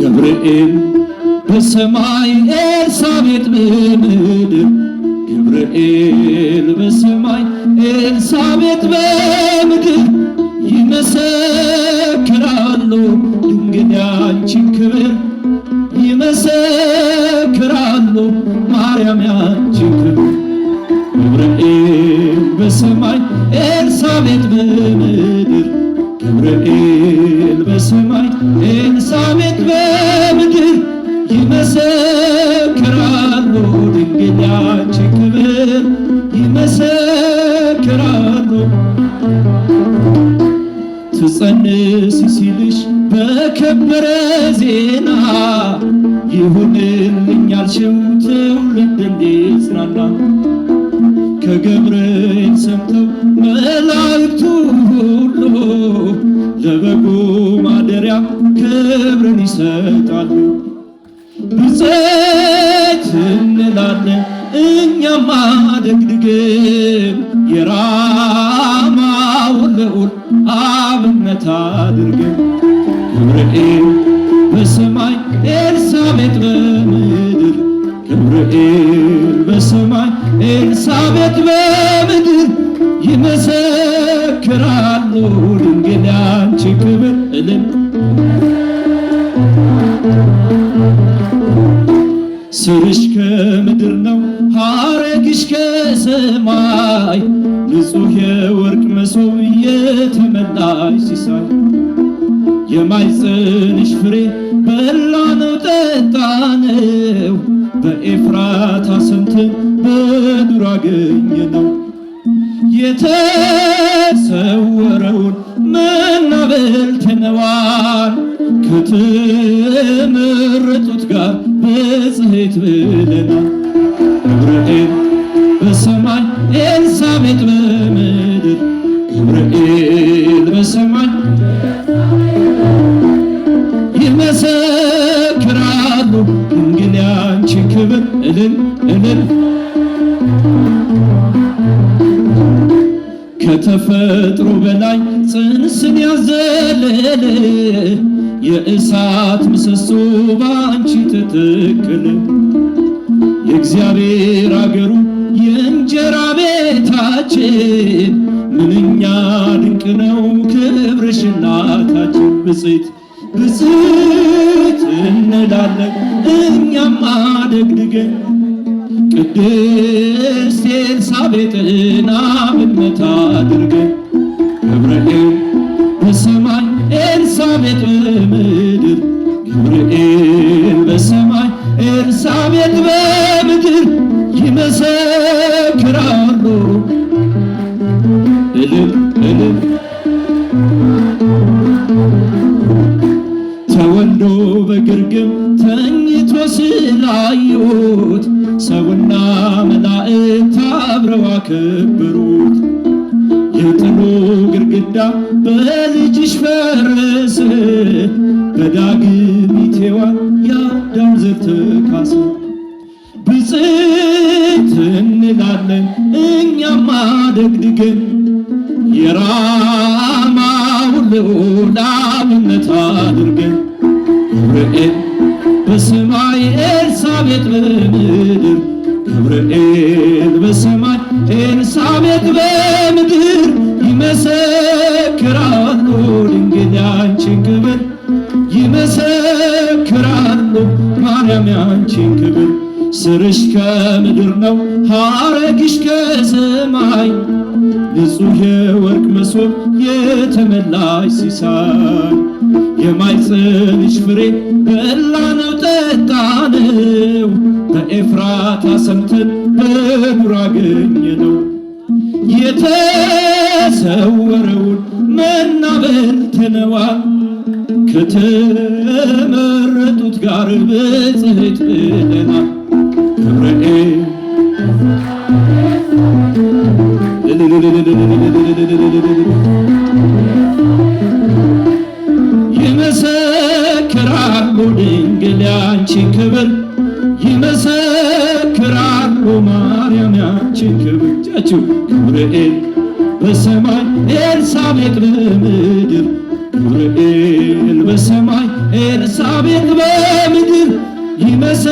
ገብርኤል በሰማይ ኤልሳቤጥ በምድር ገብርኤል በሰማይ ኤልሳቤጥ በምድር ይመሰክራሉ ድንግል ያንቺን ክብር ይመሰክራሉ ማርያም ያንቺን ክብር ገብርኤል በሰማይ ኤልሳቤጥ በምድር ገብርኤል በሰማይ ኤልሳቤጥ በምድር ይመሰክራሉ ድንግል ያንቺን ክብር ይመሰክራሉ። ትጸንስ ሲልሽ በከበረ ዜና ይሁንልኝ ያልሽው ትውልድ እንዲጽናና ከገብርኤል ሰምተው መላ ለበጉ ማደሪያ ክብርን ይሰጣሉ። ብፅዕት እንላለን እኛማ ደግድግን የራማውን ልዑል አብነት አድርገን ገብርኤል በሰማይ ኤልሳቤጥ በምድር ገብርኤል በሰማይ ኤልሳቤጥ በምድር ይመሰል ይመሰክራሉ ድንግል ያንቺ ክብር እልል ስርሽ ከምድር ነው ሐረግሽ ከሰማይ ንጹሕ የወርቅ መሶብ የተመላሽ ሲሳይ የማይጽንሽ ፍሬ በላነው ጠጣነው በኤፍራታ ስንት በዱር ነው! የተሰወረውን መናበልትነዋል ከተመረጡት ጋር በጽሔት ብለናል ገብርኤል በሰማይ ኤልሳቤጥ ከተፈጥሮ በላይ ጽንስን ያዘለለ የእሳት ምሰሶ ባንቺ ተተከለ። የእግዚአብሔር አገሩ የእንጀራ ቤታችን ምንኛ ድንቅ ነው ክብርሽ እናታችን ብፅዕት ብፅዕት እንላለን እኛም አደግድገን ቅድስት ኤልሳቤጥና ምድመት አድርገ ገብርኤል በሰማይ ኤልሳቤጥ በምድር ገብርኤል በሰማይ ኤልሳቤጥ በምድር ይመሰክራሉ እልል እልል ተወልዶ በግርግም ተኝ በስዕል አዩት፣ ሰውና መላእክት አብረው አከበሩት። የጥሉ ግድግዳ በልጅሽ ፈረሰ፣ በዳግሚት ሔዋን የአዳም ዘር ተካሰ። ብፅዕት እንላለን እኛም አደግድገን የራማውን ለአብነት አድርገን ገብርኤል በሰማይ ኤልሳቤጥ በምድር ገብርኤል በሰማይ ኤልሳቤጥ በምድር ይመሰክራሉ ድንግል ያንቺን ክብር ይመሰክራሉ ማርያም ያንቺን ክብር ስርሽ ከምድር ነው ሐረግሽ ከሰማይ ንጹሕ የወርቅ መሶብ የተመላሽ ሲሳይ የማኅፀንሽ ፍሬ በላነው ጠጣነው፣ ከኤፍራታ ሰምተን በዱር አገኘነው። የተሰወረውን መና በልተነዋል፣ ከተመረጡት ጋር በጽሕት ብለናል። ክብረ ያንቺ ክብር ይመሰክራሉ። ማርያም ያንቺ ክብር ጫችሁ ገብርኤል በሰማይ ኤልሳቤጥ በምድር ገብርኤል በሰማይ ኤልሳቤጥ በምድር ይመሰ